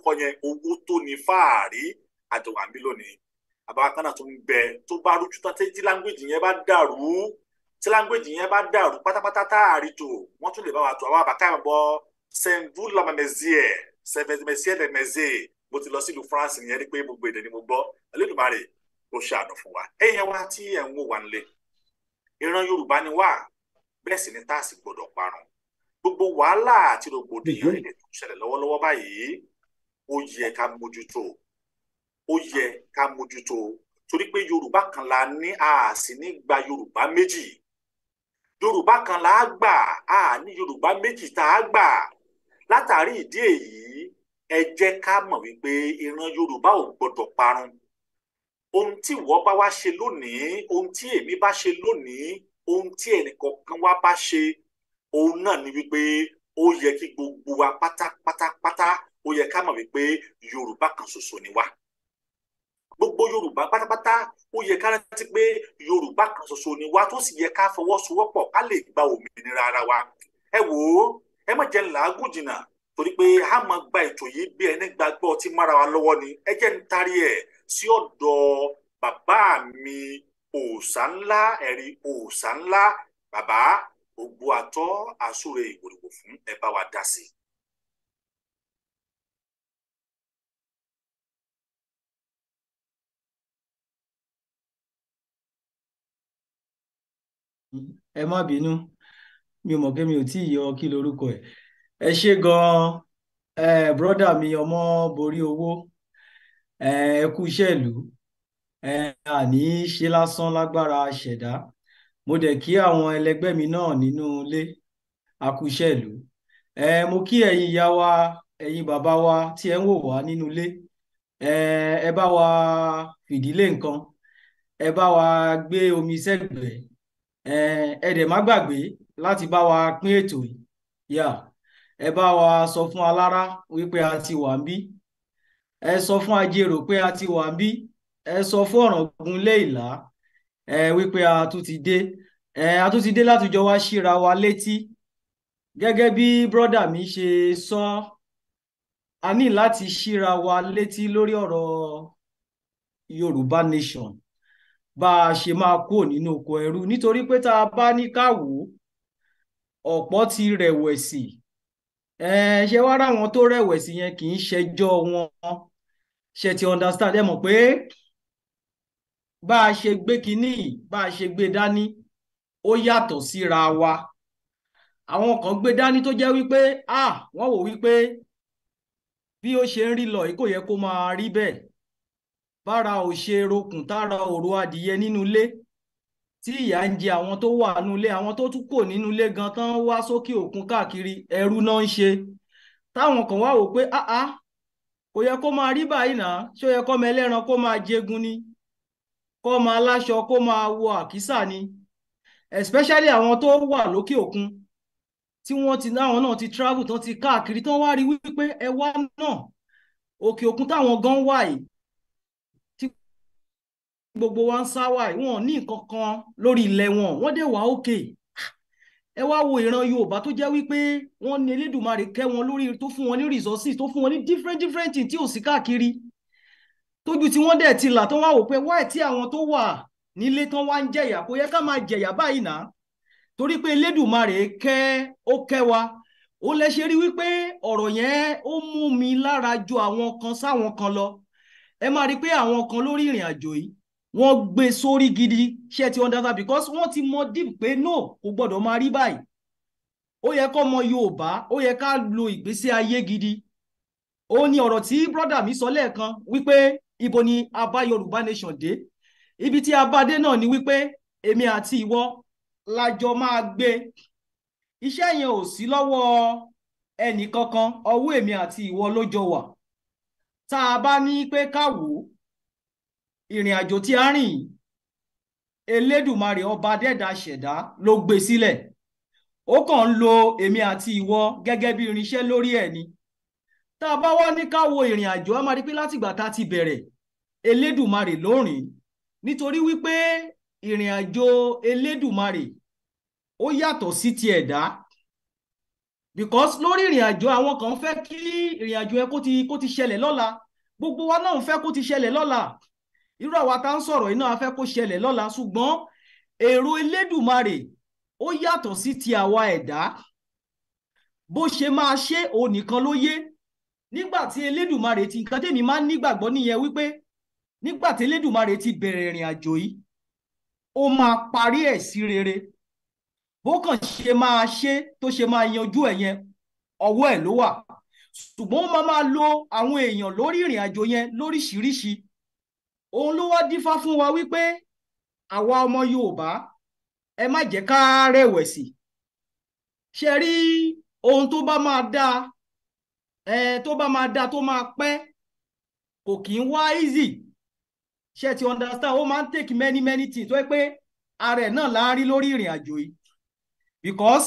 orúkọ yẹn owó tó ní fáàrí àjọwà mi lónìí àbákanà tó ń bẹ tó bá rújú tàtẹ tí language yẹn bá dàrú tí language yẹn bá dàrú pátápátá táàrí tó wọn tún lè bá wa tó àwọn àbáká ìbọ sẹńdú lamẹmẹsíẹ sẹfẹsẹmẹsíẹ lẹmẹsẹ mo ti lọ sílùú France nìyẹn ni pé gbogbo èdè ni mo gbọ́ Elédùmarè ó ṣàánú fún wa ẹ̀yin wa tí ẹ ń wò wá nílé ìran Yorùbá ni wá bẹ́ẹ̀ sì ni tá a sì gbọ́dọ̀ parun gbogbo wàhálà àti rògbòdìyàn èdè tó ń ṣẹlẹ̀ báyìí ó yẹ ká mójútó ó yẹ ká mójútó torí pé yorùbá kan la ní a sì ní gba yorùbá méjì yorùbá kan la gbà a ní yorùbá méjì tá a gbà látàrí ìdí èyí ẹ jẹ́ ká mọ̀ wípé ìran yorùbá ò gbọdọ̀ parun ohun tí ìwọ bá wá ṣe lónìí ohun tí èmi bá ṣe lónìí ohun tí ẹnìkọ̀ọ̀kan wá bá ṣe òun náà ni wípé ó yẹ kí gbogbo wa pátápátápátá ó yẹ ká mọ̀ wípé yorùbá kan ṣoṣo ni wá gbogbo yorùbá pátápátá ó yẹ ká rántí pé yorùbá kan ṣoṣo ni wá tó sì yẹ ká fọwọ́sowọ́pọ̀ ká gba òmìnira ara wa ẹ wò ó ẹ jẹ́ làágùn jìnnà torí pé a gba ètò yìí bí ẹni gbàgbọ́ ọtí mára wa lọ́wọ́ ni ẹ jẹ́ ń tarí ẹ̀ sí ọ̀dọ̀ bàbá mi òòṣà ńlá ẹ̀rí ńlá bàbá ògbó ẹ má bínú mi mọ̀ kí mi ò tí ì yọ kí lorúkọ ẹ̀ ẹ ṣé gan-an brọ́dà mi ọmọ borí owó ẹ kú iṣẹ́ ìlú ẹ àní ṣe lásán lágbára ṣẹ̀dá mo dẹ̀ kí àwọn ẹlẹgbẹ́ mi náà nínú ilé a iṣẹ́ ìlú mo kí ẹ̀yin ìyá wa ẹ̀yin bàbá wa tí ẹ ń wò wá nínú ilé ẹ bá wa fìdílé nǹkan ẹ bá wa gbé omi sẹ́gbẹ̀ẹ́ ẹ dẹ̀ má gbàgbé láti bá wa pín ètò yìí yà ẹ bá wa sọ fún alára wípé a ti wà ń bí ẹ sọ fún ajérò pé a ti wà ń bí ẹ sọ fún ọ̀ràngún léìlá ẹ wípé a tún ti dé ẹ a tún ti dé látijọ́ wá síra wa létí gẹ́gẹ́ bí brọ́dà mi ṣe sọ a ní láti síra wa létí lórí ọ̀rọ̀ Yorùbá Nation bá a ṣe máa kúrò nínú oko ẹrú nítorí pé tá a bá ní káwò ọ̀pọ̀ ti rẹ̀wẹ̀sì ṣe wá ráwọn tó rẹ̀wẹ̀sì yẹn kì í ṣẹjọ́ wọn ṣe ti understand ẹ mọ̀ pé bá a ṣe gbé kinní bá a ṣe gbé dání ó yàtọ̀ síra wa àwọn kan gbé dání tó jẹ́ wípé ah wọ́n wò wípé bí ó ṣe ń rí lọ yìí kò yẹ kó máa rí bẹ́ẹ̀ bára ò ṣe rokùn tára òru adìyẹ nínú ilé tí ìyà ń jẹ àwọn tó wà nínú ilé àwọn tó tún kò nínú ilé gan tán wá sókè òkun káàkiri ẹrú náà ń ṣe táwọn kan wá wò pé áá kò yẹ kó máa rí báyìí náà ṣó yẹ kọ́mọ ẹlẹ́ran kó máa jẹgun ni kó máa láṣọ kó máa wọ àkísà ni especially àwọn tó wà lókè òkun tí wọ́n ti láwọn náà ti travel tán ti káàkiri tán wá rí wípé ẹ náà òkè òkun táwọn gan wà yìí gbogbo wa ń sá wà wọn ní nǹkan kan lórí ilẹ̀ wọn wọ́n dẹ̀ wá òkè ẹ wá wo ìran Yorùbá tó jẹ́ wípé wọ́n ní Elédùmarè kẹ́ wọn lórí tó fún wọn ní resources tó fún wọn ní different different tí ò sí káàkiri tójú tí wọ́n dẹ̀ ti là tó wá wò pé wáì tí àwọn tó wà nílé tán wá ń jẹ̀yà kò yẹ ká máa jẹ̀yà báyìí náà torí pé Elédùmarè kẹ́ ó kẹ́ wa ó lè ṣe rí wípé ọ̀rọ̀ yẹn ó mú mi lára ju àwọn kan sáwọn kan lọ ẹ máa rí pé àwọn kan lórí ìrìn àjò yìí wọ́n gbé sórí gidi ṣe ti understand because wọ́n ti mọ deep pé no kò gbọ́dọ̀ máa rí báyìí ó yẹ kọ́ ọmọ Yorùbá ó yẹ ká lo ìgbésí ayé gidi ó ní ọ̀rọ̀ tí brọ́dà mi sọ lẹ́ẹ̀kan wípé ibo ni a bá Yorùbá nation dé ibi tí a náà ni wípé èmi àti ìwọ lájọ máa gbé iṣẹ́ yẹn ò sí lọ́wọ́ ẹnì kankan ọwọ́ èmi àti ìwọ ló wà tá a bá ní pé ká wò ó ìrìn àjò tí a rìn yìí elédùmarè ọba dẹ́ẹ̀dá ṣẹ̀dá ló gbé sílẹ̀ ó kàn ń lo èmi àti ìwọ gẹ́gẹ́ bí irinṣẹ́ lórí ẹ̀ ni tá a bá wá ní ká wo ìrìn àjò a máa rí pé látìgbà tá a ti bẹ̀rẹ̀ elédùmarè ló nítorí wípé ìrìn àjò elédùmarè ó yàtọ̀ sí ti ẹ̀dá because lórí ìrìn àjò àwọn kan fẹ́ kí ìrìn àjò ẹ kó ti kó ti ṣẹlẹ̀ lọ́la gbogbo wa náà fẹ́ kó ti ṣẹlẹ̀ lọ́la irú àwa tá ń sọ̀rọ̀ iná afẹ́ kó ṣẹlẹ̀ lọ́la ṣùgbọ́n èrò Elédùmarè ó yàtọ̀ sí ti àwa ẹ̀dá bó ṣe máa ṣe òun nìkan ló yé nígbà tí Elédùmarè ti nǹkan tèmi máa ń nígbàgbọ́ nìyẹn wípé nígbà tí Elédùmarè ti bẹ̀rẹ̀ ìrìn àjò yìí ó máa parí ẹ̀ sí rere bó kàn ṣe máa ṣe tó ṣe máa yanjú ẹ̀ yẹn ọwọ́ ẹ̀ ló wà ṣùgbọ́n ó máa máa lo àwọn èèyàn lórí ìrìn àjò yẹn lóríṣiríṣi òun ló wá dífá fún wa wípé àwa ọmọ Yorùbá ẹ má jẹ́ ká rẹ̀wẹ̀sì ṣe rí ohun tó bá máa dáa ẹ tó bá máa dáa tó máa pẹ́ kò kì í wá easy ṣe ti understand ó máa ń take many many things tó yẹ pé ara ẹ̀ náà là ń rí lórí ìrìn àjò yìí because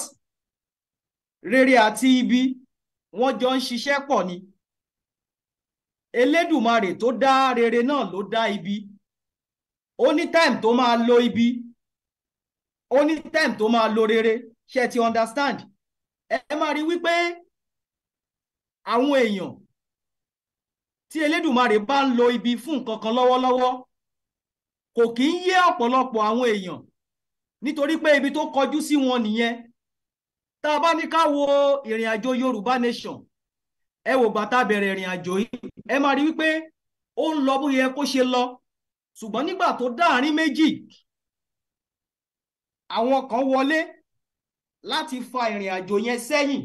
rere àti ibi wọ́n jọ ń ṣiṣẹ́ pọ̀ ni elédùmarè tó dá rere náà ló dá ibi ó ní time tó máa lo ibi ó ní time tó máa lo rere ṣe ti understand ẹ máa rí wípé àwọn èèyàn tí elédùmarè bá ń lo ibi fún nǹkan kan lọ́wọ́lọ́wọ́ kò kì í yé ọ̀pọ̀lọpọ̀ àwọn èèyàn nítorí pé ibi tó kọjú sí wọn nìyẹn tá a bá ní ká wo ìrìn àjò Yorùbá nation ẹ wò gbà tá a bẹ̀rẹ̀ ìrìn àjò yìí ẹ máa rí wípé ó ń lọ bó yẹ kó ṣe lọ ṣùgbọ́n nígbà tó dáàrin méjì àwọn kan wọlé láti fa ìrìn àjò yẹn sẹ́yìn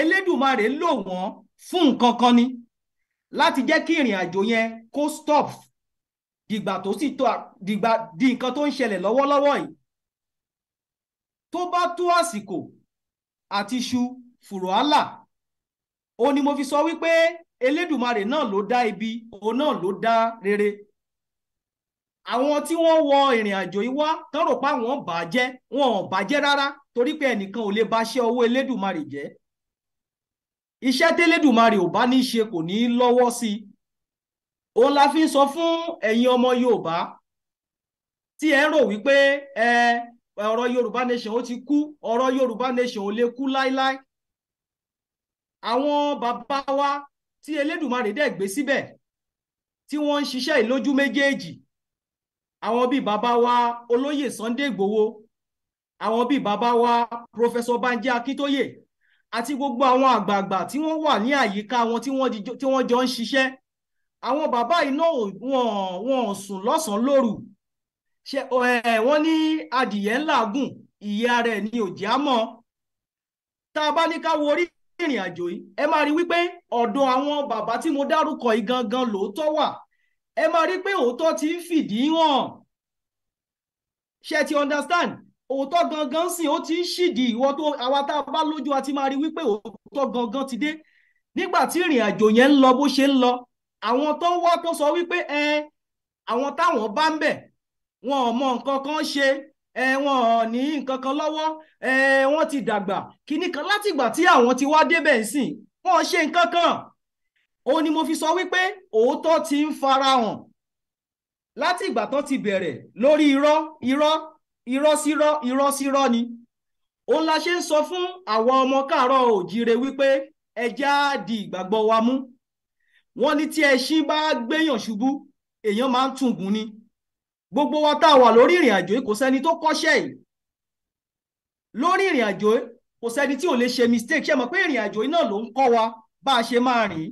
Elédùmarè lò wọ́n fún nǹkan kan ni láti jẹ́ kí ìrìn àjò yẹn kó stop dìgbà tó sì tó dìgbà di nǹkan tó ń ṣẹlẹ̀ lọ́wọ́lọ́wọ́ yìí tó bá tó àsìkò àti ṣu fùrọ̀ hálà ó ní mo fi sọ wípé elédùmarè náà ló dá ibi òun náà ló dá rere àwọn tí wọ́n wọ ìrìn àjò yìí wá tán rò pé àwọn bàjẹ́ wọn ò bàjẹ́ rárá torí pé ẹnìkan ò lè ba iṣẹ́ ọwọ́ elédùmarè jẹ́ iṣẹ́ télédùmarè ò bá ní ṣe kò ní lọ́wọ́ sí i òun la fi ń sọ fún ẹ̀yin ọmọ Yorùbá tí ẹ ń rò wípé ẹ ọ̀rọ̀ Yorùbá nation ó ti kú ọ̀rọ̀ Yorùbá nation ò lè kú láíláí àwọn bàbá wa tí Elédùmarè dẹ̀ gbé síbẹ̀ tí wọ́n ń ṣiṣẹ́ ìlójú méjèèjì àwọn bíi bàbá wa olóyè Sunday Igboho àwọn bíi bàbá wa pòfẹsọ Banji Akíntóyè àti gbogbo àwọn àgbààgbà tí wọ́n wà ní àyíká wọn tí wọ́n jọ ń ṣiṣẹ́ àwọn bàbá iná wọn ò sùn lọ́sàn-án lóru wọ́n ní adìyẹ ńláàgùn ìyá rẹ̀ ni ò já mọ́ tá a bá ní ká wo ìrìn àjò yìí ẹ máa rí wípé ọ̀dọ̀ àwọn bàbá tí mo dárúkọ yìí gangan lòótọ́ wà ẹ máa rí pé òótọ́ ti ń fìdí hàn ṣe ti understand òótọ́ gangan sìn ó ti ń ṣìdí ìwọ tó àwa tá a bá lójú àti máa rí wípé òótọ́ gangan ti dé nígbà tí ìrìn àjò yẹn ń lọ bó ṣe ń lọ àwọn tó wá tó sọ wípé ẹ àwọn táwọn bá ń bẹ̀ wọn ò mọ nǹkan kan ṣe wọn ní nǹkan kan lọ́wọ́ wọ́n ti dàgbà kínní kan látìgbà tí àwọn ti wá débẹ̀ sìn wọ́n ṣe nǹkan kan òun ni mo fi sọ wípé òótọ́ ti ń farahàn láti ìgbà tó ti bẹ̀rẹ̀ lórí irọ́ irọ́ irọ́ sírọ́ irọ́ sírọ́ ni òun la ṣe ń sọ fún àwa ọmọ káàárọ̀ òjíire wípé ẹja di ìgbàgbọ́ wa mú wọ́n ní tí ẹṣin bá gbéyàn ṣubú èèyàn máa ń tùngún ni gbogbo wa tá a wà lórí ìrìn àjò yìí kò sẹ́ni tó kọ́ṣẹ́ yìí lórí ìrìn àjò yìí kò sẹ́ni tí ò lè ṣe mistake ṣe mọ̀ pé ìrìn àjò yìí ló ń kọ́ wa bá a ṣe máa rìn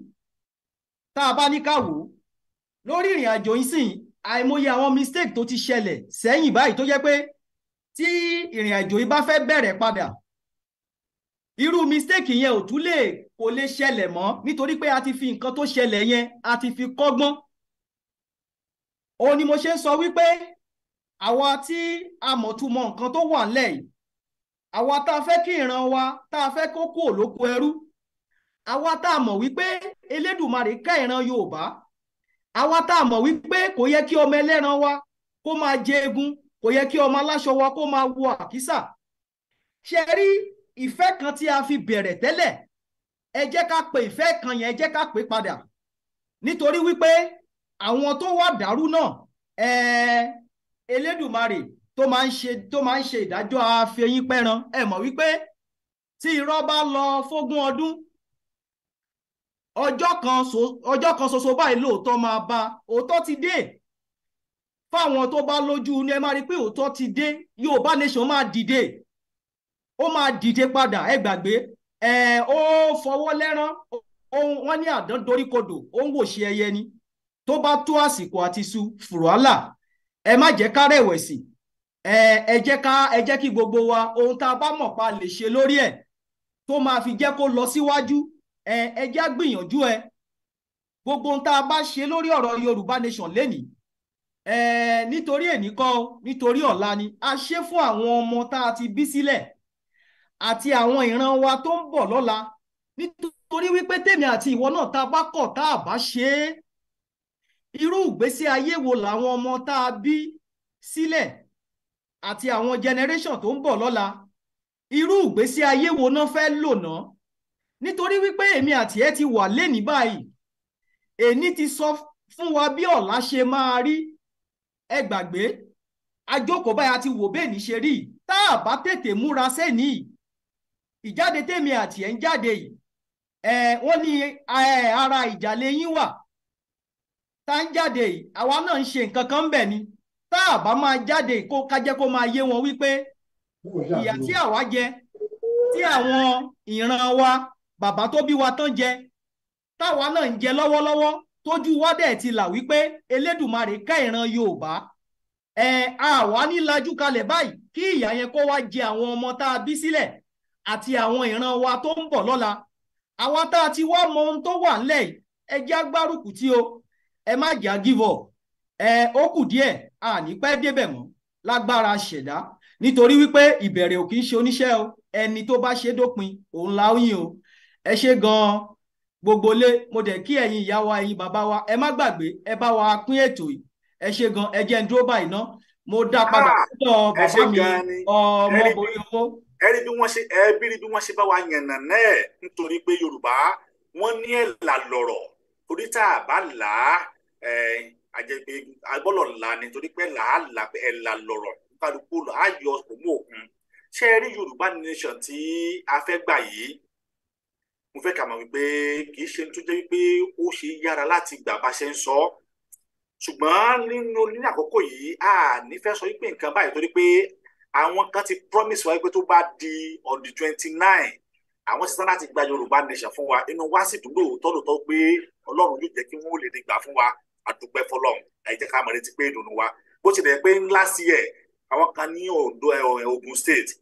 tá a bá ní ká lórí ìrìn àjò yìí sìn àìmọye àwọn mistake tó ti ṣẹlẹ̀ sẹ́yìn báyìí tó jẹ́ pé tí ìrìn àjò yìí bá fẹ́ bẹ̀rẹ̀ padà irú mistake yẹn ò tún lè kò lè ṣẹlẹ̀ mọ́ nítorí pé a ti fi nǹkan tó ṣẹlẹ̀ yẹn a ti fi kọ́gbọ́n òun ni mo ṣe ń sọ wípé àwa tí a mọ̀ túmọ̀ nǹkan tó wà ńlẹ̀ yìí àwa tá a fẹ́ kí ìran wa tá a fẹ́ kó kúrò lóko ẹrú àwa tá a mọ̀ wípé Elédùmarè kẹ́ ìran Yorùbá àwa tá a mọ̀ wípé kò yẹ kí ọmọ ẹlẹ́ran wa kó máa jẹ egun kò yẹ kí ọmọ aláṣọ wa kó máa wọ àkísà ṣe rí ìfẹ́ kan tí a fi bẹ̀rẹ̀ tẹ́lẹ̀ ẹ jẹ́ ká pe ìfẹ́ kan yẹn ẹ jẹ́ ká pè padà nítorí wípé àwọn tó wà dàrú náà elédùmarè tó máa ń ṣe tó máa ń ṣe ìdájọ́ àfẹ̀yìn pẹ́ran ẹ mọ̀ wípé tí irọ́ bá lọ fógún ọdún ọjọ́ kan ọjọ́ kan ṣoṣo báyìí lóòótọ́ máa bá òótọ́ ti dé fáwọn tó bá lójú ni ẹ máa rí pé òótọ́ ti dé Yorùbá nation máa dìde ó máa dìde padà ẹ gbàgbé ẹ ó fọwọ́ lẹ́rán wọ́n ní àdán doríkodò ó ń wòṣe ẹyẹ ni tó bá tó àsìkò àti su fùrọ́là ẹ má jẹ́ ká rẹ̀wẹ̀sì ẹ jẹ́ ká ẹ jẹ́ kí gbogbo wa ohun tá a bá mọ̀ pa lè ṣe lórí ẹ̀ tó máa fi jẹ́ kó lọ síwájú ẹ jẹ́ gbìyànjú ẹ gbogbo ohun tá a bá ṣe lórí ọ̀rọ̀ Yorùbá Nation lénìí ẹ nítorí èní nítorí ọ̀la ni a ṣe fún àwọn ọmọ tá a ti bí sílẹ̀ àti àwọn ìran wa tó ń bọ̀ lọ́la nítorí wípé tèmi àti ìwọ náà tá a bá kọ̀ tá a bá ṣe é irú ìgbésí ayé wo làwọn ọmọ tá a bí sílẹ̀ àti àwọn generation tó ń bọ̀ lọ́la irú ìgbésí ayé wo náà fẹ́ lò náà nítorí wípé èmi àti ẹ ti wà lẹ́ni báyìí èní ti sọ fún wa bí ọ̀la ṣe máa rí ẹ gbàgbé ajókòó báyìí a ti wò bẹ́ẹ̀ ní ṣe rí tá a bá tètè múra sẹ́ni ìjáde tèmi àti ẹ̀ ń jáde yìí ẹ̀ wọ́n ní ara ìjàlẹ̀ yín wà tá ń jáde yìí àwa náà ń ṣe nǹkan kan ń bẹ̀ ni tá a bá máa jáde kó kájẹ́ kó máa yé wọn wípé ìyà tí àwa jẹ tí àwọn ìran wa bàbá tó bí wa tán jẹ táwa náà ń jẹ lọ́wọ́lọ́wọ́ tójú wa dẹ̀ ti là wípé Elédùmarè ká ìran Yorùbá ẹ àwa ní lajú kalẹ̀ báyìí kí ìyà yẹn kó wá jẹ àwọn ọmọ tá a bí sílẹ̀ àti àwọn ìran wa tó ń bọ̀ lọ́la àwa tá a ti wá mọ ohun tó wà ńlẹ̀ yìí ẹ jẹ́ agbárùkù tí o ẹ má jà give up ẹ ó kù díẹ̀ àní pẹ́ débẹ̀ mọ́ lágbára ṣẹ̀dá nítorí wípé ìbẹ̀rẹ̀ ò kì í ṣe oníṣẹ́ o ẹni tó bá ṣe dópin òun la ó yìn o ẹ ṣe gan-an gbogbo lé mo dẹ̀ kí ẹ̀yin ìyá wa ẹ̀yin bàbá wa ẹ má gbàgbé ẹ bá wa pín ètò yìí ẹ ṣe gan ẹ jẹ́ ń dúró báyìí ná mo dá padà ah, sọ́dọ̀ bàbá mi ọmọ borí owó. ẹ bí wọ́n ṣe ẹ bí bí wọ́n ṣe bá wa yànnà náà nítorí pé Yorùbá wọ́n ní ẹ̀là lọ̀rọ̀ torí tá a bá là á àjẹpé agbọ́dọ̀ ńlá ni torí pé làálà ẹ̀là lọ̀rọ̀ kálukú àyọ òmù òkun ṣé ẹ rí yorùbá nation tí a fẹ́ gbà yìí mo fẹ́ kà mọ̀ wípé kì í ṣe tó jẹ́ wípé ó ṣe yára láti gbà bá ṣe ń sọ ọ́ ṣùgbọ́n nínú nínú àkókò yìí a nífẹ̀ẹ́ sọ wípé nǹkan báyìí torí pé àwọn kan ti promise wa wípé tó bá di on the twenty nine àwọn ti tán láti gba yorùbá nation fún wa inú wa sì dúró tọ́lù tó pé ọlọ́run yóò jẹ́ kí wọ́n lè dìgbà fún wa àdúpẹ́ fọlọ́run ẹ jẹ́ ká mọ̀ létí pé ìdùnnú wa bó ṣe dẹ̀ pé ńlá sí ẹ̀ àwọn kan ní Ondo Ogun State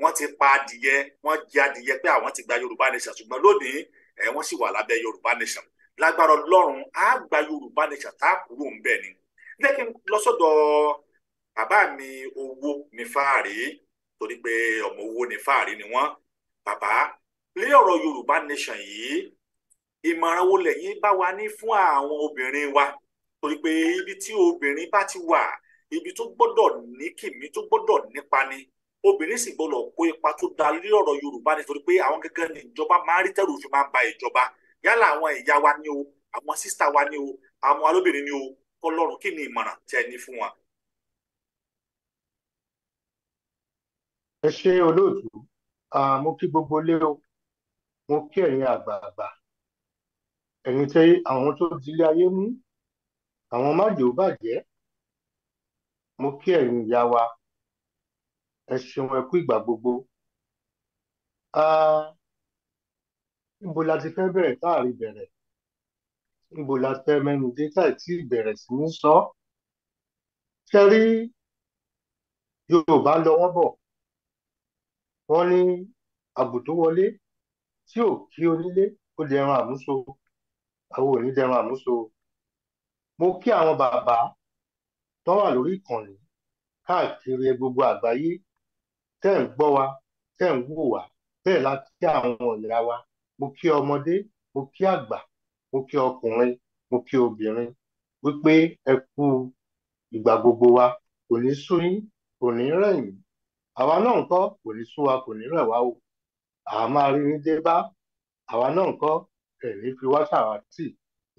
wọ́n ti pa adìyẹ wọ́n jẹ adìyẹ pé àwọn ti gba Yorùbá nation ṣùgbọ́n lónìí ẹ̀ wọ́n sì wà lábẹ́ Yorùbá nation lágbára Ọlọ́run á gba Yorùbá nation tá a kúrò ń bẹ̀ ni lẹ́kì lọ́sọ̀dọ̀ bàbá mi owó ní fáàrí torí pé ọmọ owó ní fáàrí ni wọ́n bàbá lé ọ̀rọ̀ Yorùbá nation yìí ìmọ̀ràn wo lẹ̀yin bá wa ní fún àwọn obìnrin wa torí pé ibi tí obìnrin bá ti wà ibi tó gbọ́dọ̀ ní kìmí tó gbọ́dọ̀ nípa ni obìnrin sì gbọ́dọ̀ kó ipa tó da lórí ọ̀rọ̀ Yorùbá ni pé àwọn gangan ní ìjọba máa rí tẹ̀rù fi máa ń ba ìjọba yálà àwọn ìyá wa ni o àwọn sísá wa ni o àwọn alóbìnrin ni o kọlọ́run kí ni ìmọ̀ràn tí ẹ ní fún wa. ẹ ṣe olóòtú mo kí gbogbo lé mo kí ẹ̀yin àgbààgbà ẹ̀yin tẹ àwọn tó dilé ayé mú àwọn májò bàjẹ́ mo kí ẹ̀yin ìyá wa ẹ ṣeun ẹ kú ìgbà gbogbo níbo la ti fẹ́ bẹ̀rẹ̀ táàrí bẹ̀rẹ̀ níbo la fẹ́ mẹ́nu dé táì tí bẹ̀rẹ̀ sí ní sọ ṣe rí Yorùbá lọ wọ́n bọ̀ wọ́n ní àbò wọlé tí ò kí onílé ó dẹran àmúso àwọn ò ní dẹran àmúso o mo kí àwọn bàbá tó wà lórí ìkànnì káàkiri gbogbo àgbáyé tẹ́ ń gbọ́ wa tẹ́ ń wò wá bẹ́ẹ̀ la kí àwọn ìyá wa mo kí ọmọdé mo kí àgbà mo kí ọkùnrin mo kí obìnrin wípé ẹ kú ìgbà gbogbo wa kò ní sú yín kò ní rẹ̀ àwa náà ńkọ́ kò ní sú wa kò ní rẹ̀ wá o àá máa rí ní dé bá àwa náà ńkọ́ ẹ̀ fi wá ṣàwátì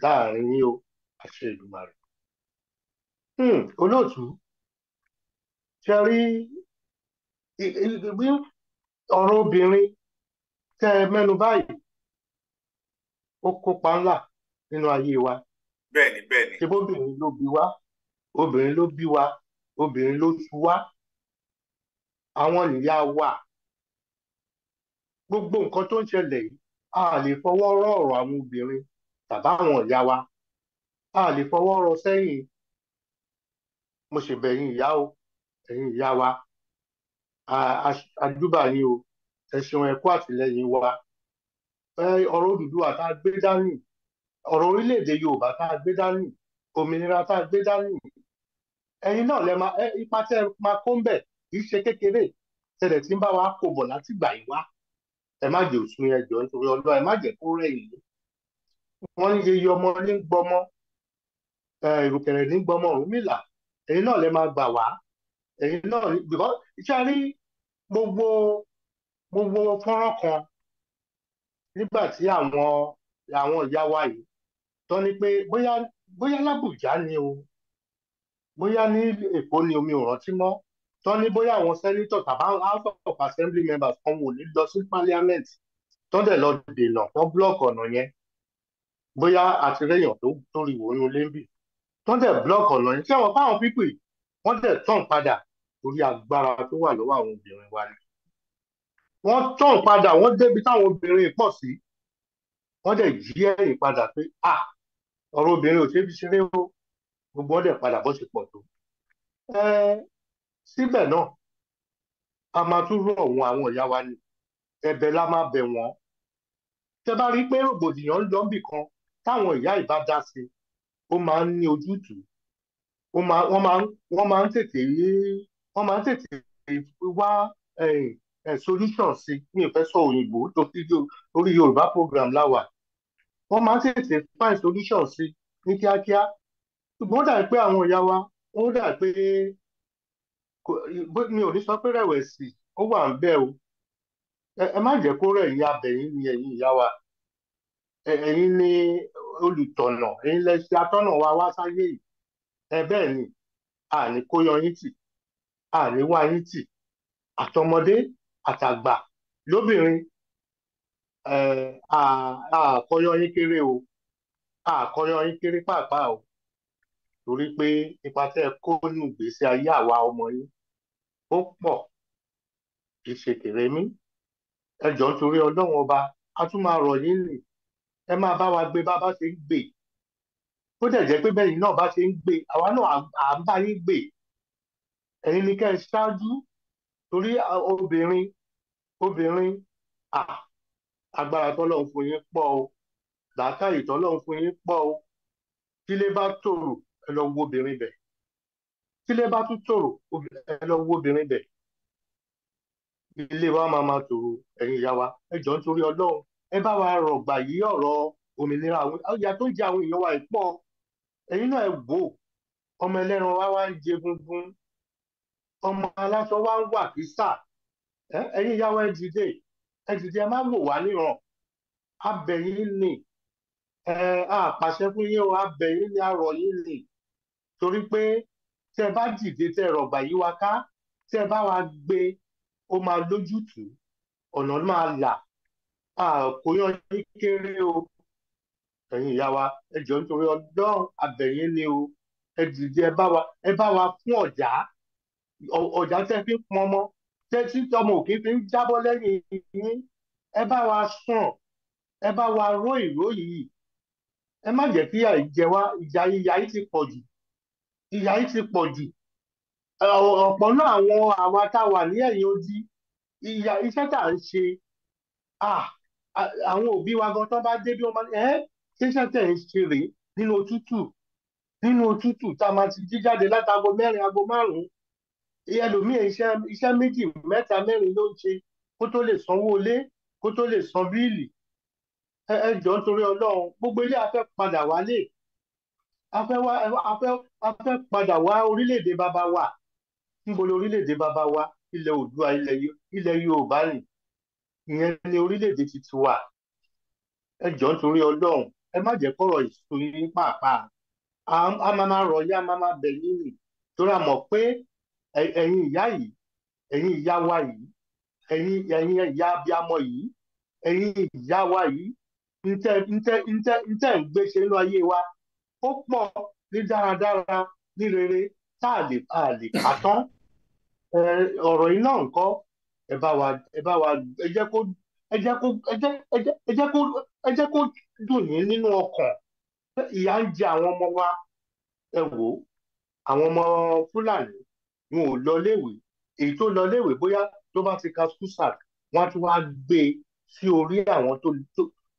láàrin yín o àṣẹ Èdùmàrè. Hmm, olóòtú ṣe rí ọ̀rọ̀ obìnrin tẹ́ ẹ mẹ́nu báyìí ó kópa ńlá nínú ayé wa. bẹ́ẹ̀ni bẹ́ẹ̀ni. ṣé bóbìnrin ló bí wa obìnrin ló bí wa obìnrin ló tu wa àwọn nìyá wa gbogbo nǹkan tó ń ṣẹlẹ̀ yìí a lè fọwọ́ rọ́ ọ̀rọ̀ àwọn obìnrin tàbá àwọn ìyá wa a lè fọwọ́ rọ sẹ́yìn mo sì bẹ̀yìn ìyá o ẹ̀yin ìyá wa àdúbà ni o ẹ̀sùn ẹ̀kọ́ àtìlẹ́yìn wa ọ̀rọ̀ Odùduwà tá a gbé dání ọ̀rọ̀ orílẹ̀-èdè Yorùbá tá a gbé dání òmìnira tá a gbé dání ẹ̀yin náà lẹ máa ipa tẹ́ máa kó ń bẹ̀ kì í ṣe kékeré tẹ̀lẹ̀ tí ń bá wa kó bọ̀ láti gbà yín wá ẹ má jẹ́ òsùn ẹjọ́ nítorí ọlọ́ ẹ má jẹ́ kó rẹ̀ yìí wọ́n ń yeye ọmọ ní gbọmọ ìrùkẹ̀rẹ̀ ní gbọmọ Ọ̀rúnmìlà ẹ̀yin náà lè máa gbà wá ẹ̀yin náà because iṣẹ́ rí gbogbo gbogbo fọ́nrán kan nígbà tí àwọn àwọn ìyá wa yìí tọ́ ni pé bóyá bóyá lábùjá ni o bóyá ní Èkó ni omi ò rántí mọ́ tọ́ ní bóyá àwọn sẹ́nítọ̀ tàbá house of assembly members kan wò ní lọ sí parliament tọ́ dẹ̀ lọ dènà wọ́n búlọ̀kì ọ̀nà yẹn bóyá àtìlẹ́yìn tó rí wò ó ní wọ́n dẹ̀ block ọ̀nà yẹn sẹ́wọ̀n fáwọn pípì wọ́n dẹ̀ tàn padà torí agbára tó wà lọ́wọ́ àwọn obìnrin wa ni wọ́n tàn padà wọ́n débi táwọn obìnrin pọ̀ sí wọ́n dẹ̀ jí ẹ̀yìn padà pé à ọ̀rọ̀ obìnrin ò ṣe ṣeré o gbogbo wọn dẹ̀ padà bó ṣe pọ̀ tó síbẹ̀ náà a máa tún rọ̀ wọn àwọn ìyá wa ni ẹ̀bẹ̀ la máa bẹ̀ wọ́n tẹ bá rí pé rògbòdìyàn ń lọ bì kan táwọn ìyá ìbá ó máa ń ní ojútùú wọ́n máa wọ́n máa ń tètè wọ́n máa ń tètè wá solution sí mi ò fẹ́ sọ òyìnbó tó fi orí Yorùbá program láwà wọ́n máa ń tètè find solution sí ní kíákíá ṣùgbọ́n ó dà pé àwọn ìyá wa ó dà pé mi ò ní sọ pé rẹ̀wẹ̀sì ó wà ń bẹ̀ o ẹ má jẹ́ kó rẹ̀ yín abẹ̀yìn ni ẹ̀yin ìyá wa ẹ̀yin ni olùtọ̀nà ẹ̀yin lẹ ṣe atọ́nà wa wá sáyé yìí ẹ ni àní kó yọ yín tì àní wá yín tì àtọmọdé àtàgbà lóbìnrin àkọyọ yín kéré o àkọyọ yín kéré pàápàá o torí pé ipa tẹ́ ẹ kó nínú ìgbésí ayé àwa ọmọ yín ó pọ̀ kì í ṣe tèrèmí ẹ jọ̀ọ́ Ọlọ́run ọba a tún máa rọ̀ yín nìyí ẹ máa bá wa gbé bá ṣe ń gbé bó dẹ̀ jẹ́ pé bẹ́ẹ̀ náà bá ṣe ń gbé àwa náà à ń bá yín gbé ẹ̀yin ni kẹ́ ẹ ṣáájú torí obìnrin obìnrin agbára tọ́lọ́run fún yín pọ̀ o làákàyè tọ́lọ́run fún yín pọ̀ o tílé bá tòrò ẹ lọ wo obìnrin bẹ̀ tílé bá tún tòrò ẹ lọ wo obìnrin bẹ̀ ilé wa máa máa tòrò ẹ̀yin ìyá wa ẹ jọ ń torí ọlọ́run ẹ bá wa rọ̀ gbà yí ọ̀rọ̀ òmìnira àwọn ìyà tó ń jẹ àwọn èèyàn wa ìpọ̀ ẹ̀yin náà ẹ wò ọmọ ẹlẹ́ran wa wá ń jẹ gungun ọmọ aláṣọ wa ń wà kísà ẹ̀yin ìyàwó ẹ dìde ẹ dìde ẹ má wò wá níran abẹ̀yìn ni àpàṣẹ fún yín o abẹ̀yìn ni arọ̀ yín ni torí pé tẹ bá dìde tẹ rọ̀gbà yí wa ká tẹ bá wa gbé ó máa lójútùú ọ̀nà máa là àkóyán yín kéré o ẹ̀yin ìyá wa ẹ jọ nítorí ọlọ́run abẹ̀yìn ni o ẹ dìde ẹ bá wa ẹ bá wa fún ọ̀já ọ̀já tẹ́ fi ń pọn ọmọ tẹ́ tí ọmọ òkè fi ń jábọ́ lẹ́yìn yín ẹ bá wa sàn ẹ bá wa ró ìró yìí ẹ má jẹ́ kí ìjẹ wa ìjà ìyà yìí ti pọ̀ jù ìyà yìí ti pọ̀ jù ọ̀pọ̀ náà àwọn àwa tá a wà ní ẹ̀yìn odi ìyà iṣẹ́ tá à ń ṣe ah àwọn òbí wa gan tán bá dé bí wọ́n máa ẹ́ ṣéṣẹ́ tẹ̀ ń ṣe rèé nínú òtútù nínú òtútù tá a máa ti jí jáde látago mẹ́rin aago márùn-ún ẹlòmíì iṣẹ́ iṣẹ́ méjì mẹ́ta mẹ́rin ló ń ṣe kó tó lè sanwó ilé kó tó lè san bíìlì ẹ jọ nítorí Ọlọ́run gbogbo ilé afẹ́ padà wálé afẹ́ wá afẹ́ afẹ́ padà wá orílẹ̀ bàbá wa níbo ni bàbá wa ilẹ̀ Oòduà ilẹ̀ Yorùbá rìn ìyẹn ni orílẹ̀-èdè ti ti wà ẹ jọ nítorí ọlọ́run ẹ má jẹ́ kọ́rọ̀ ìṣòro yín pàápàá a máa máa rọ̀ yá a máa máa bẹ̀ torí a mọ̀ pé ẹ̀yin ìyá yìí ẹ̀yin ìyá wa yìí ẹ̀yin ẹ̀yin ìyá abiyamọ yìí wa yìí ntẹ ntẹ ntẹ ntẹ ń gbé ṣe nínú wa ó pọ̀ ní dáradára ní rere tá a lè a lè ẹ bá wa ẹ bá wa ẹ jẹ́ kó ẹ jẹ́ kó ẹ jẹ́ ẹ jẹ́ kó ẹ jẹ́ kó dùn yín nínú ọkàn ìyà ń jẹ àwọn ọmọ wa ẹ wò ó àwọn ọmọ Fúlàní wọn ò lọ léèwé èyí tó lọ léèwé bóyá tó bá ti ka skusak wọn á tún wá gbé e sí orí àwọn tó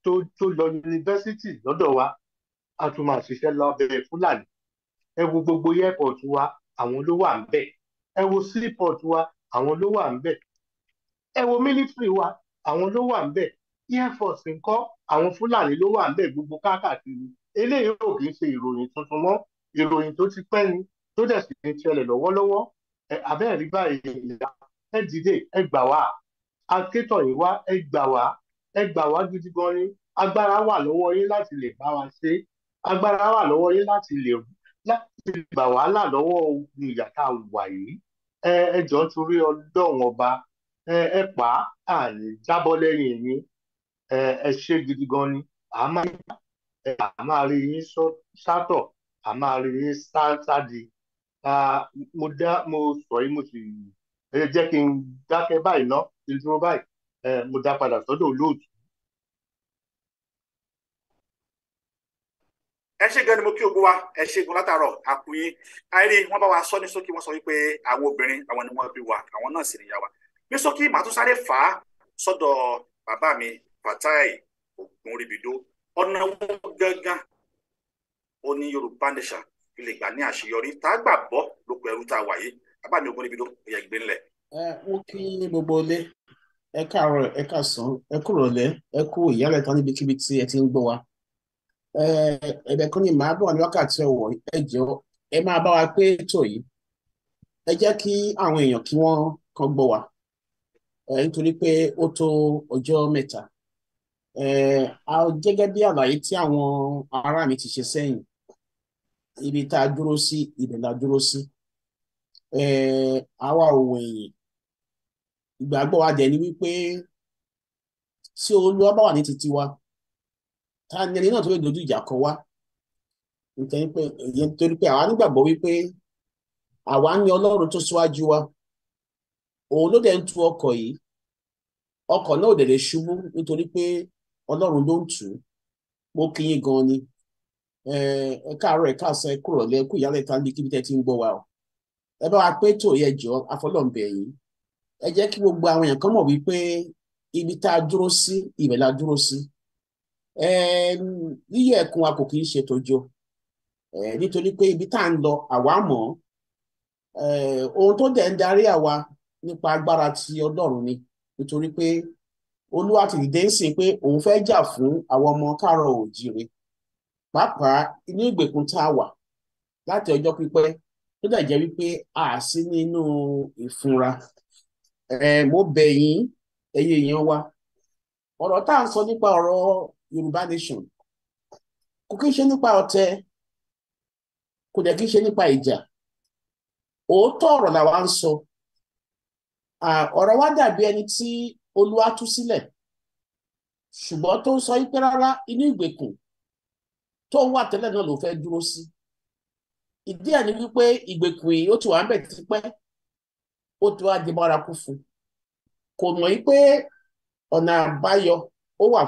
tó tó lọ yunifásitì lọ́dọ̀ wa a tún máa ṣiṣẹ́ lábẹ́ Fúlàní ẹ wo gbogbo airport wa àwọn ló wà ń bẹ̀ ẹ wo seaport wa àwọn ló wà ń bẹ̀ ẹ wo mílítírì wa àwọn ló wà ńbẹ̀ air force ńkọ́ àwọn fúlàní ló wà ńbẹ̀ gbogbo káàkiri eléyìí ò kì í ṣe ìròyìn tuntun mọ́ ìròyìn tó ti pẹ́ ni tó dẹ̀ sì ti ṣẹlẹ̀ lọ́wọ́lọ́wọ́ abẹ́ẹ̀rí báyìí ìyá ẹ dìde ẹ gbà wá akétọ̀ yìí wá ẹ gbà wá ẹ gbà wá gidi gan ni agbára wà lọ́wọ́ yín láti lè bá wa ṣe agbára wà lọ́wọ́ yín láti lè láti gbà wàhálà lọ́wọ́ ogun ìyàtà wà yìí ẹ ẹ jọ̀ọ́ torí ọlọ́run ba ẹ pa á ní jábọ́ lẹ́yìn yín ẹ ṣe gidi gan ni a máa rí ẹ a máa rí yín sátọ̀ a máa rí yín sáàdì mo dá mo sọ yìí mo sì ẹ jẹ́ kí n dákẹ́ báyìí ná kí n dúró báyìí mo dá padà sọ́dọ̀ olóòtú. ẹ ṣe gan ni mo kí ogun wa ẹ ṣe gan látàárọ̀ àkùnyin àìrí wọn bá wa sọ ní ṣókí wọn sọ wípé àwọn obìnrin àwọn ni wọn bí wa àwọn náà sì níyà ní ṣókí màá tún sáré fà á sọ́dọ̀ bàbá mi Fatai Ogunribido ọ̀nà wọn gangan ó ní Yorùbá nation fi lè gbà ní àṣeyọrí tá a gbà bọ́ lóko ẹrú tá a wà yìí bàbá mi Ogunribido ẹ̀yẹ gbé ńlẹ̀. ẹ mo kí gbogbo ilé ẹ káàárọ̀ ẹ káàsán ẹ kúrọ̀lẹ́ ẹ kú ìyálẹ̀ tán níbikíbi tí ẹ ti ń gbọ́ wa ẹ̀bẹ̀ kan ni màá bọ̀ ní wákàtí ọ̀wọ̀ ẹ jọ ẹ máa bá wa pé ètò yìí ẹ jẹ́ kí àwọn èèyàn kí wọ́n kàn gbọ́ wa Eh, nítorí pé ó tó ọjọ́ mẹ́ta eh, gẹ́gẹ́ bí àlàyé tí àwọn ará mi ti ṣe sẹ́yìn ibi tá a dúró sí ibẹ̀ la dúró sí àwa eh, ò wẹ̀yìn ìgbàgbọ́ wa dẹ̀ ni wípé tí Olúwa bá wà ní títí wa ta ni ẹni náà tó lè dojú ìjà kọ wá nítorí pé àwa nígbàgbọ́ wípé àwa ní Ọlọ́run tó síwájú wa. òun ló dẹ̀ ń tu ọkọ̀ yìí ọkọ̀ náà ò dẹ̀ lè ṣubú nítorí pé ọlọ́run ló ń tù ú gan ni ẹ káàárọ̀ ẹ káàsán ẹ kúrò lẹ kú ìyálẹ̀ ta ní kíbi tẹ́ ti ń gbọ́ wa o ẹ bá wa pé tòun yẹ jọ afọlọ́ǹbẹ yìí ẹ jẹ́ kí gbogbo àwọn èèyàn kan ibi tá a dúró sí ibẹ̀ la dúró sí yíyẹ ẹkùn wa kò kì í ṣe tójó nítorí pé ibi tá à ń lọ àwa mọ̀ ohun tó dẹ̀ ń nípa agbára ti ọlọ́run ni nítorí pé olúwa ti dìde ń sìn pé òun fẹ́ jà fún àwọn ọmọ káàárọ̀ oòjíire pàápàá inú ìgbèkùn tá a wà láti ọjọ́ pípẹ́ tó dẹ̀ wípé a sí nínú ìfunra mo bẹ̀ yín ẹ̀yin èèyàn wa ọ̀rọ̀ tá à ń sọ nípa ọ̀rọ̀ Yorùbá Nation kò kí ń ṣe nípa ọ̀tẹ̀ kò dẹ̀ kí ń ṣe nípa ìjà òótọ́ ọ̀rọ̀ làwa ń sọ. So ọ̀rọ̀ wa dàbí ẹni tí olúwa tú sílẹ̀ ṣùgbọ́n tó ń sọ yín pé rárá inú ìgbèkùn tó ń wà tẹ́lẹ̀ náà ló fẹ́ dúró sí ìdí ẹ̀ ni wípé ìgbèkùn yìí ó ti wà ń bẹ̀ tipẹ́ ó ti wá di fún kò mọ̀ yín pé ọ̀nà àbáyọ ó wà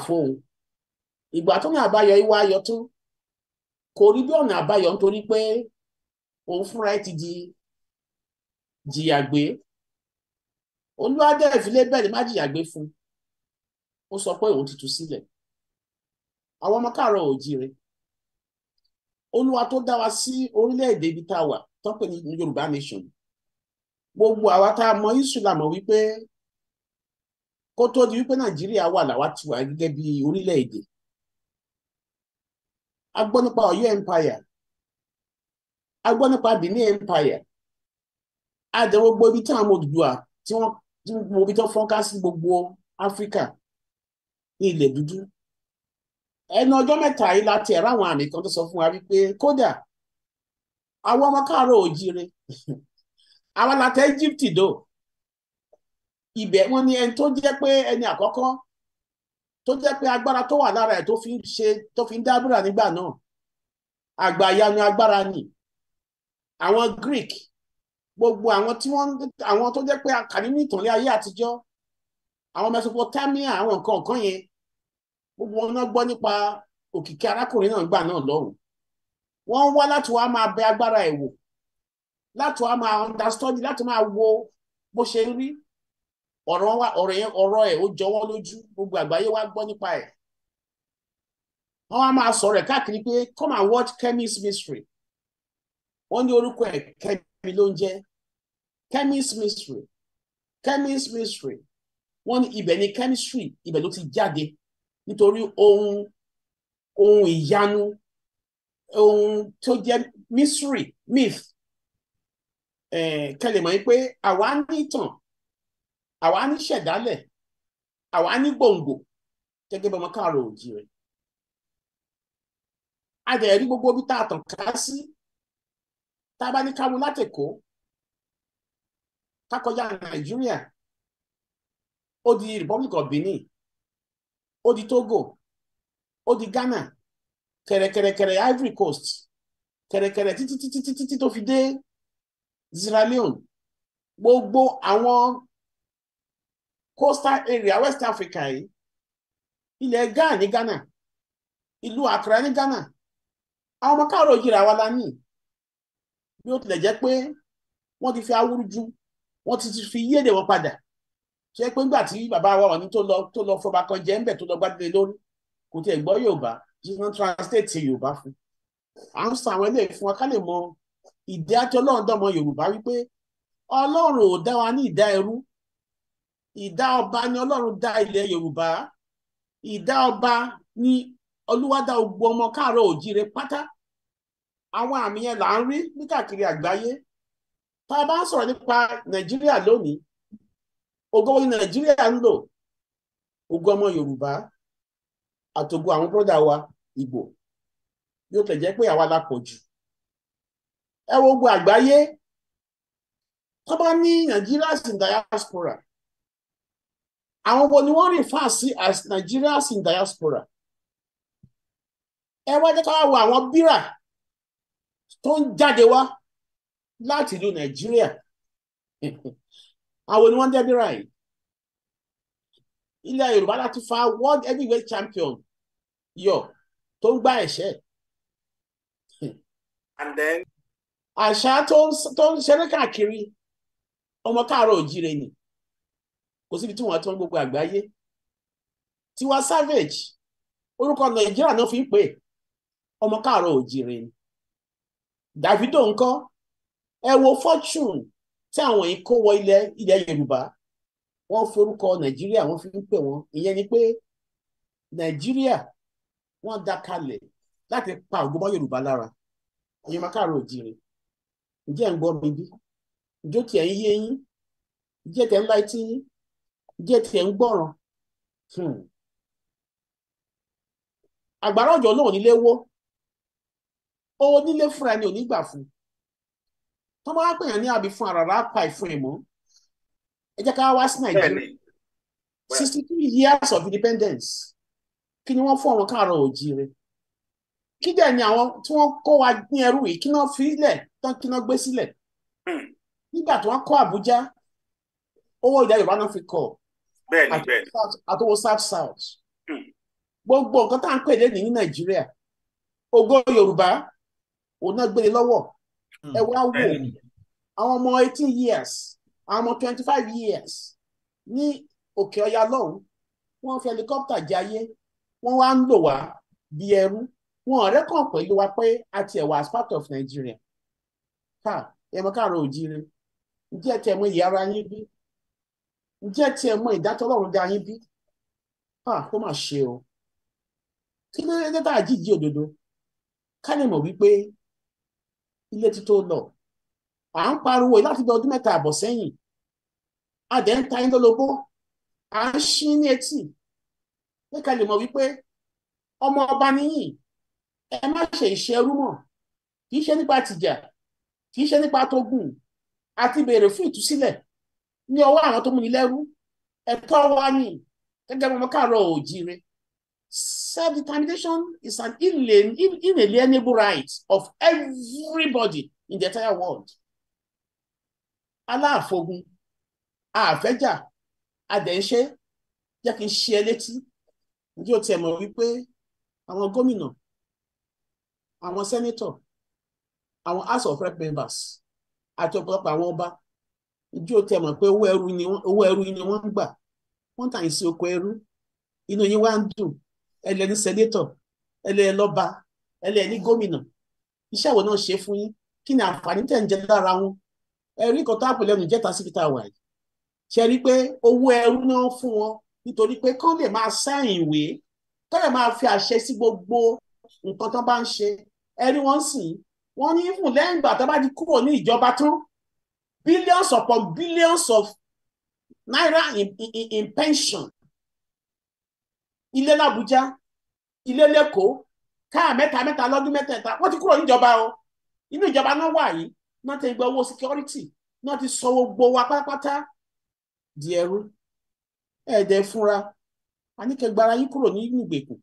ìgbà tó náà àbáyọ ti di olúwadẹ́ẹ̀filé bẹ́ẹ̀ ni má jìyà gbé fún un ó sọ pé òun ti tú sílẹ̀ àwọn ọmọ káàárọ̀ oòjíire olúwa tó dá wa sí orílẹ̀-èdè ibi tá a wà tán pè ní yorùbá nation gbogbo àwa tá a mọ ìsúlà mọ̀ wípé kó tó di wípé nàìjíríà wà làwa ti wà gẹ́gẹ́ bí orílẹ̀-èdè a gbọ́ nípa ọ̀yọ́ empire a gbọ́ nípa benin empire a dẹ̀ gbogbo ibi tí àwọn Odùduwà tí wọ́n tí mo bí tó fọ́nká sí gbogbo áfíríkà ní ilẹ̀ dúdú ẹnu ọjọ́ mẹ́ta yìí la tẹ̀ ráwọn àmì kan tó sọ fún wa wípé kódà àwọn ọmọ káàárọ̀ òjíire àwọn látẹ̀ Egypt dò ibẹ̀ wọn ni ẹni tó jẹ́ pé ẹni àkọ́kọ́ tó jẹ́ pé agbára tó wà lára ẹ̀ tó fi ń ṣe tó fi ń dábìrà nígbà náà àgbàyanu agbára ni àwọn Greek gbogbo àwọn tí wọ́n àwọn tó jẹ́ pé a kà nínú ìtànlẹ̀ ayé àtijọ́ àwọn Mesopotamia àwọn nǹkan ọ̀kan yẹn gbogbo wọn náà gbọ́ nípa òkìkí arákùnrin náà gbà náà lọ́hùn wọ́n wá láti wá máa bẹ agbára ẹ̀ wò láti wá máa understand láti máa wo bó ṣe rí ọ̀rọ̀ wa ọ̀rọ̀ yẹn ọ̀rọ̀ ẹ̀ ó jọ wọ́n lójú gbogbo àgbáyé wa gbọ́ nípa ẹ̀ wọ́n á máa sọ̀rọ̀ ẹ̀ káàkiri pé come and watch Kemi's mystery wọ́n ní orúkọ ẹ̀ Kemi ló ń jẹ́ chemist mystery chemist mystery wọ́n ní ibẹ̀ ni chemistry ibẹ̀ ló ti jáde nítorí ohun ohun ìyanu ohun tó jẹ́ mystery myth eh, kẹlẹ̀ mọ̀ pé àwa ní ìtàn àwa ní ṣẹ̀dálẹ̀ àwa ní gbòǹgbò gẹ́gẹ́ bí ọmọ káàrọ̀ òjìrè a dẹ̀ rí gbogbo bí tá a tàn ká sí tá a bá ní káwo látẹ̀kọ́ kákọjá nàìjíríà ó di republic of benin ó di togo ó di ghana kẹrẹkẹrẹkẹrẹ ivory coast kẹrẹkẹrẹ títí títí títí tó fi dé sierra leone gbogbo àwọn coastal area west africa yìí ilẹ̀ ghana ní ghana ìlú accra ní ghana àwọn ọmọ káàrọ̀ yìí ra wa la bí ó tilẹ̀ jẹ́ pé wọ́n ti fi awúrú ju wọ́n ti fi yéde wọn padà tó yẹ pé ńgbà tí bàbá wa Ọọ̀ni tó lọ tó lọ fọba kan jẹ́ ńbẹ̀ tó lọ gbádùn lórí kò tiẹ̀ gbọ́ Yorùbá tí wọ́n translate Yorùbá fún à ń sọ àwọn eléyìí fún wa ká lè mọ ìdí àti Ọlọ́run dọ́mọ Yorùbá wípé Ọlọ́run ò dá wa ní ìdá ẹrú ìdá ọba ni Ọlọ́run dá ilẹ̀ Yorùbá ìdá ọba ni Olúwa dá gbogbo ọmọ káàárọ̀ òjíire pátá àwọn àmì yẹn là ń rí ní àgbáyé tá a bá ń sọ̀rọ̀ nípa nàìjíríà lónìí ògo ni nàìjíríà ń lò ọmọ yorùbá àtògo àwọn bọ́dà wa bí ó pé àwa la pọ̀ diaspora àwọn wo ni wọ́n refer sí as nigerians diaspora ẹ wá àwọn bírà láti ìlú nàìjíríà àwọn ni wọ́n dẹ́bí ráì ilẹ̀ yorùbá láti fa world heavyweight champion yọ tó ń gbá ẹ̀ṣẹ́. and then. àṣà tó ń ṣeré káàkiri ọmọ káàárọ̀ òjíire ni kò síbi tí wọ́n tó ń gbogbo àgbáyé Tiwa Savage orúkọ nàìjíríà náà fi ń pè ọmọ káàárọ̀ òjíire ni Davido ńkọ́ ẹ wo fortune tí àwọn yìí kó wọ ilẹ̀ ilẹ̀ yorùbá wọ́n forúkọ nàìjíríà wọ́n fi ń pè wọ́n ìyẹn ni pé nàìjíríà wọ́n dá kalẹ̀ láti pa ògbómọ yorùbá lára ẹ̀yin máa káàárọ̀ òjìrì ǹjẹ́ ń gbọ́ mi bí ǹjọ́ tí ẹ̀ ń yé yín ǹjẹ́ tẹ̀ ń láì tí yín ǹjẹ́ tẹ̀ ń gbọ́ràn hmm. àgbàrá òjò náà ò nílé wó onílé fúnra ni ò ní gbà fún un tó máa gbìyàn ní àbí fún àràrà pa ìfún ìmọ̀ ẹ jẹ́ ká wá sí nàìjíríà sixty three years of independence kí ni wọ́n fún ọ̀run káàárọ̀ òjíire kí dẹ̀ ni àwọn tí wọ́n kó wa ní ẹrú yìí kí náà fi sílẹ̀ tán kí náà gbé sílẹ̀ nígbà tí wọ́n kọ́ àbújá owó ìdá yorùbá náà fi kọ́ bẹ́ẹ̀ni bẹ́ẹ̀ni àtọwọ́ south south hmm. gbogbo nǹkan tá à ń pè lé ní nàìjíríà ògo yorùbá òun náà gbélé lọ́wọ́ Mm. ẹ wá wò àwọn ọmọ eighteen years àwọn ọmọ twenty five years ní òkè ọya lọ́hùn wọ́n fi helicopter jayé wọ́n wá ń lò wá bí ẹrú wọn ọ̀rẹ́ kàn pẹ̀lú wa pé a tiẹ̀ wà as part of Nigeria ká ẹ̀mọ́ káàrọ̀ òjìire ǹjẹ́ tiẹ̀ mọ ìyá ara yín bí ǹjẹ́ tiẹ̀ mọ ìdájọ́ ọlọ́run dá yín bí ká kó má ṣe o kí ló dé tá a òdodo ká lè mọ̀ wípé ilé títò lọ à ń pariwo láti bí ọdún mẹ́ta àbọ̀ sẹ́yìn a dẹ̀ ń ta yín lólobó à ń ṣí ní etí pé ká lè mọ̀ wípé ọmọ ọba nìyí ẹ má ṣe ìṣe ẹrú kì í ṣe nípa tìjà kì í ṣe nípa tógun àti béèrè fún ìtúsílẹ̀ ní ọwọ́ àwọn tó múni lẹ́rú ẹ̀tọ́ wa ni gẹ́gẹ́ bí ọmọ káàárọ̀ oòjíire Self-determination is an inalienable right of everybody in the entire world. Aláàfogun, àfẹ́jà, àdẹ̀ńṣẹ́, jẹ́ kí n ṣe ẹ létí. Ǹjẹ́ o tiẹ̀ mọ̀ wípé àwọn gómìnà, àwọn sẹ́nítọ̀, àwọn house of rep members àti ọ̀pọ̀lọpọ̀ àwọn ọba ǹjẹ́ o tiẹ̀ mọ̀ pé owó ẹrú ni wọ́n ń gbà wọ́n tà ń sin oko ẹrú inú yín wá ń dùn ẹlẹ́ ní sẹ́nétọ̀ ẹlẹ́ lọ́ba ẹlẹ́ ní gómìnà iṣẹ́ àwọn náà ṣe fún yín kí ni àǹfààní tẹ̀ ń jẹ lára wọn ẹ̀rí kan tó àpò lẹ́nu ìjẹta sí peter wàyí ṣe rí i pé owó ẹrú náà fún wọn nítorí pé kán lè máa sáìn ìwé kán lè máa fi àṣẹ sí gbogbo nǹkan tó bá ń ṣe ẹ̀rí wọn sìn wọn ní fún lẹ́yìn ìgbà tó bá di kúrò ní ìjọba tán billions upon billions of naira in, in, in pension ilé làbújá ilé lẹ́kọ̀ọ́ káà mẹ́ta mẹ́ta lọ́dún mẹ́tẹ̀ẹ̀ta wọ́n ti kúrò níjọba o inú ìjọba náà wà yìí náà ti gba owó security náà ti sọ gbogbo wa pátápátá di ẹrú ẹ̀ẹ́dẹ̀ fúnra àníkẹ́gbára yín kúrò nínú ìgbèkùn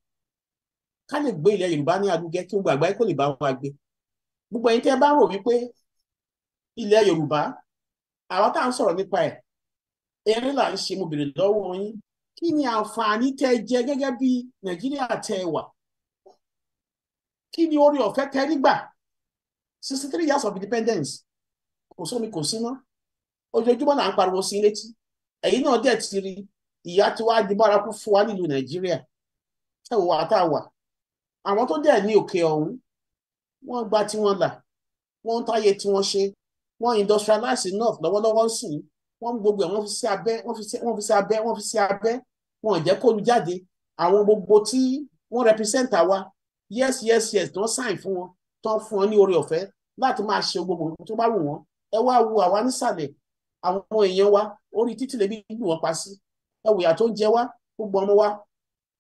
ká lè gbé ilẹ̀ yorùbá ní agugẹ kí gbogbo àgbáyé kó lè bá wa gbé gbogbo ẹ̀yin tẹ́ bá rò wípé ilẹ̀ yorùbá àwa tá à ń sọ̀rọ̀ nípa ẹ̀ eré là ń ṣe mo bèrè lọ́wọ́ yín kí ni àǹfààní tẹ jẹ gẹ́gẹ́ bí nàìjíríà tẹ wà kí ni orí ọ̀fẹ́ tẹ nígbà sixty three years of independence kò sómi kò síná ojoojúmọ́ là ń pariwo sí létí ẹ̀yin náà dẹ̀ ti rí ìyà tí wàá di bárakú fún wa nílùú nàìjíríà ẹ wò wá tá a wà àwọn tó dẹ̀ ní òkè ọ̀hún wọ́n gba tiwọn là wọ́n ń táyé tiwọn ṣe wọ́n industrialize north lọ́wọ́lọ́wọ́ sí i wọ́n mú gbogbo ẹ̀ wọ́n fi sí abẹ́ wọ́n fi sí wọ́n fi sí abẹ́ wọ́n fi sí abẹ́ wọn ò jẹ́ kó lu jáde àwọn gbogbo tí wọ́n represent àwa yes yes yes tán sign fún wọn tán fún wọn ní oore ọ̀fẹ́ láti máa ṣe gbogbo tó bá wù wọ́n ẹ wá wo àwa nísàlẹ̀ àwọn èèyàn wa orí títí lè bí lù wọ́n pa sí ẹ wòyà tó ń jẹ wá gbogbo ọmọ wa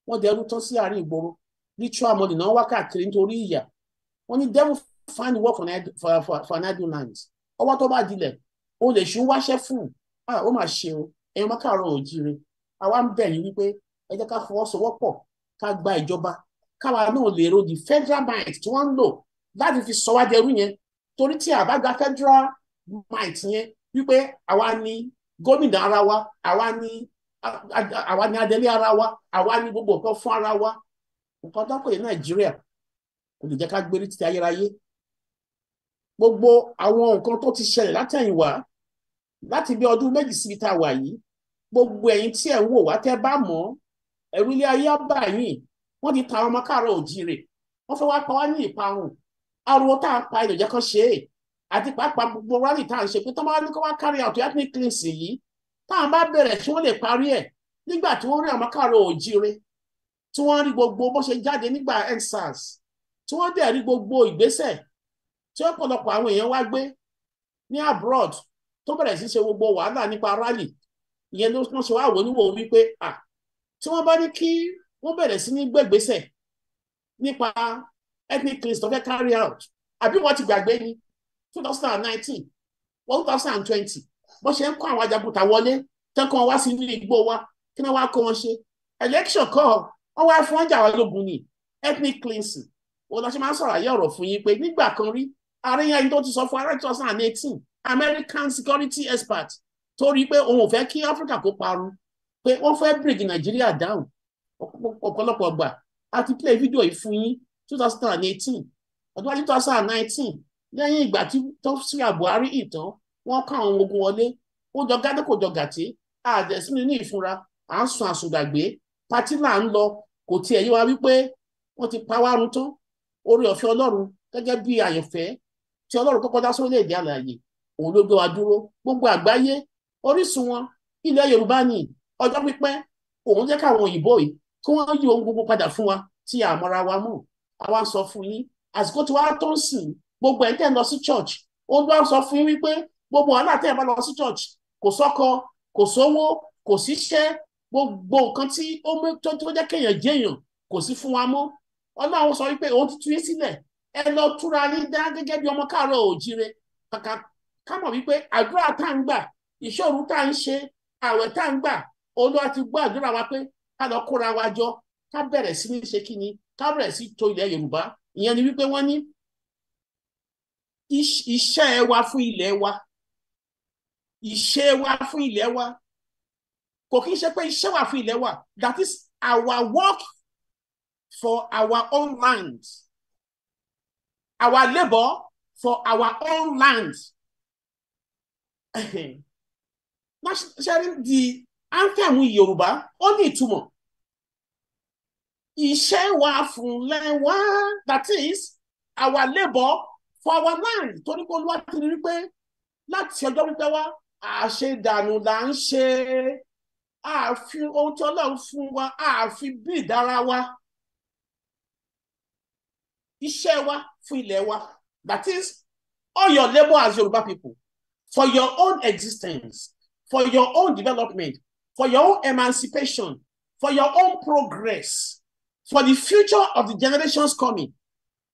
wọ́n dẹrú tán sí àárín ìgboro ritual money náà wá káàkiri nítorí ìyà wọ́n ní devil find work for, for, for, for an idle land ọwọ́ tó bá dilẹ̀ o lè ṣe wáṣẹ́ fún un ah ó mà ṣe o ẹ̀yin máa káàárọ̀ òjíire àwa ń bẹ̀ yín wípé ẹ jẹ́ ká fọwọ́sowọ́pọ̀ ká gba ìjọba káwa náà lè ro the federal might tí wọ́n ń lò láti fi sọ wá dẹrú yẹn torí tí a bá gba federal might yẹn wípé àwa ni gómìnà ara wa àwa ni àwa ni adelé ara wa àwa ni gbogbo nǹkan fún ara wa nǹkan dápò yẹn nàìjíríà kò lè jẹ́ ká gbérí títí ayérayé gbogbo àwọn nǹkan tó ti ṣẹlẹ̀ látẹ̀yìnwá láti bí ọdún méjì síbi tá a wà yìí gbogbo ẹ̀yin tí ẹ̀ ń wò wá tẹ́ bá mọ̀ ẹ̀rú ilé ayé bá yín wọ́n ti ta ọmọ káàárọ̀ òjíire wọ́n fẹ́ wá pa wá ní ìparun ariwo tá a pa ìròjẹ́ kan ṣe é àti pàápàá gbogbo rally tá à ń ṣe pé tọ́mọ́ ní kó wá carry out ethnic cleansing yìí tá à ń bá bẹ̀rẹ̀ tí wọ́n lè parí ẹ̀ nígbà tí wọ́n rí ọmọ káàárọ̀ òjíire tí wọ́n rí gbogbo bó ṣe jáde nígbà endsars tí wọ́n dẹ̀ rí gbogbo ìgbésẹ̀ tí ọ̀pọ̀lọpọ̀ àwọn èèyàn wá gbé ní abroad tó bẹ̀rẹ̀ sí ṣe gbogbo wàhálà nípa rálì ìyẹn ló wọ́n ṣe wá wò wípé à tí wọ́n bá ní kí wọ́n bẹ̀rẹ̀ sí ní gbẹ̀gbẹ́sẹ̀ nípa ethnic cleanse tó fẹ́ carry out àbí wọ́n ti gbàgbé ní two thousand and nineteen one thousand and twenty bó ṣe ń kó àwọn ajagunta wọlé tẹ́kọ̀ọ́ wá sí ilé igbó wa kí wọ́n wá kó wọn ṣe election kọ́ wọ́n wá fún ọjà wa lógun ni ethnic cleansing wọn la ṣe máa ń sọ̀rọ̀ ayé ọ̀rọ̀ fún yín pé nígbà kan rí àríyànjú tó ti sọ fún aráàlú two American security expert tó rí i pé òun ò fẹ́ kí Africa kó parun pé wọ́n fẹ́ bring Nigeria down ọ̀pọ̀lọpọ̀ gbà a ti play video yìí fún yín two thousand and eighteen ọdún wájú two thousand and nineteen lẹ́yìn ìgbà tí tó sí Buhari ìtàn wọ́n kó àwọn ogun wọlé ó jọ gádé kò jọ gàtí àdẹ̀sínú ní ìfúnra à ń sun àsùndàgbé pátí là ń lọ kò tiẹ̀ yé wa wípé wọ́n ti pa wá run tán orí ọ̀fẹ́ Ọlọ́run gẹ́gẹ́ bí àyànfẹ́ tí Ọlọ́run kọ́kọ́ dá sórílẹ̀-èdè àlàyé òun ló gbé wa dúró gbogbo àgbáyé orísun wọn ilẹ̀ yorùbá ni ọjọ́ pípẹ́ òun jẹ́ káwọn òyìnbó yìí kí wọ́n yí ohun gbogbo padà fún wa tí a mọ́ra wa mọ̀ àwa sọ fún yín àsìkò tí wàá tó ń sìn gbogbo ẹ̀ tẹ̀ lọ sí church òun ló sọ fún yín wípé gbogbo ọ̀nà àtẹ̀ bá lọ sí church kò sọ́kọ kò sówó kò síṣẹ́ gbogbo nǹkan tí ó mú tó tó jẹ́ kéèyàn jẹ́yàn kò sí fún wa mọ́ ọlọ́run sọ wípé òun ti tú yín sílẹ̀ ẹ lọ túra yín dá gẹ́gẹ́ bí ọmọ káàárọ̀ òjíire kàkà ká mọ̀ wípé àdúrà tá ń gbà ìṣòro tá ń ṣe àwẹ̀ tá ń gbà olúwa ti gbọ́ àdúrà wa pé ká lọ kóra wa jọ ká bẹ̀rẹ̀ sí ní ṣe kíni ká bẹ̀rẹ̀ sí tò ilẹ̀ yorùbá ìyẹn ni wípé wọ́n ní iṣẹ́ wa fún ilẹ̀ wa ìṣe wa fún ilẹ̀ wa kò kí n ṣe pé iṣẹ́ wa fún ilẹ̀ wa that is our work for our own land our labour for our own land ṣẹ́rí di áńfẹ̀mù yorùbá ó ní ìtumọ̀ iṣẹ́ wa fúnlẹ̀ wá that is our labour for our land torí pé olúwa ti rí pé láti ọjọ́ pípẹ́ wá àṣedànù là ń ṣe àfi ohun tí ọlọ́run fún wa àfi bí ìdára wa iṣẹ́ wa fún ilẹ̀ wa that is all your labour as Yorùbá people for your own existence, for your own development, for your own emancipation, for your own progress, for the future of the generations coming,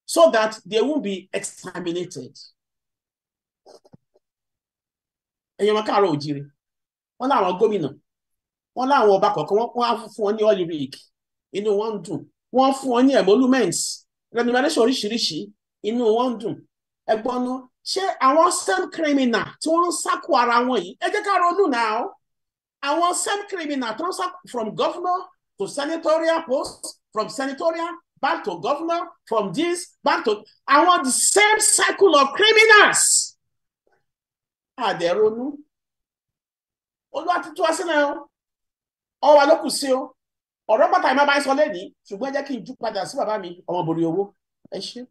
so that they won't be exterminated. èèyàn máa gómìnà wọ́n láwọn ọba kọ̀ọ̀kan wọ́n á fún wọn ní olivic inú wọn dùn wọ́n fún wọn ní emoluments remuneration oríṣiríṣi inú wọn dùn ẹ̀gbọ́nú ṣé àwọn same criminal tí wọ́n ń sákò ara wọn yìí ẹ jẹ́ ká ronú náà àwọn same criminal tó ń sákò from governor to senatorial post from senatorial back to governor from this back to àwọn the same cycle of criminals àdẹ̀ronú olúwa ti tú wa sílẹ̀ o ọwọ́ wa sí o ọ̀rọ̀ pàtàkì má bá ń sọ lẹ́yìn ṣùgbọ́n ẹ jẹ́ kí n jú padà sí bàbá mi ọmọ owó ẹ ṣé.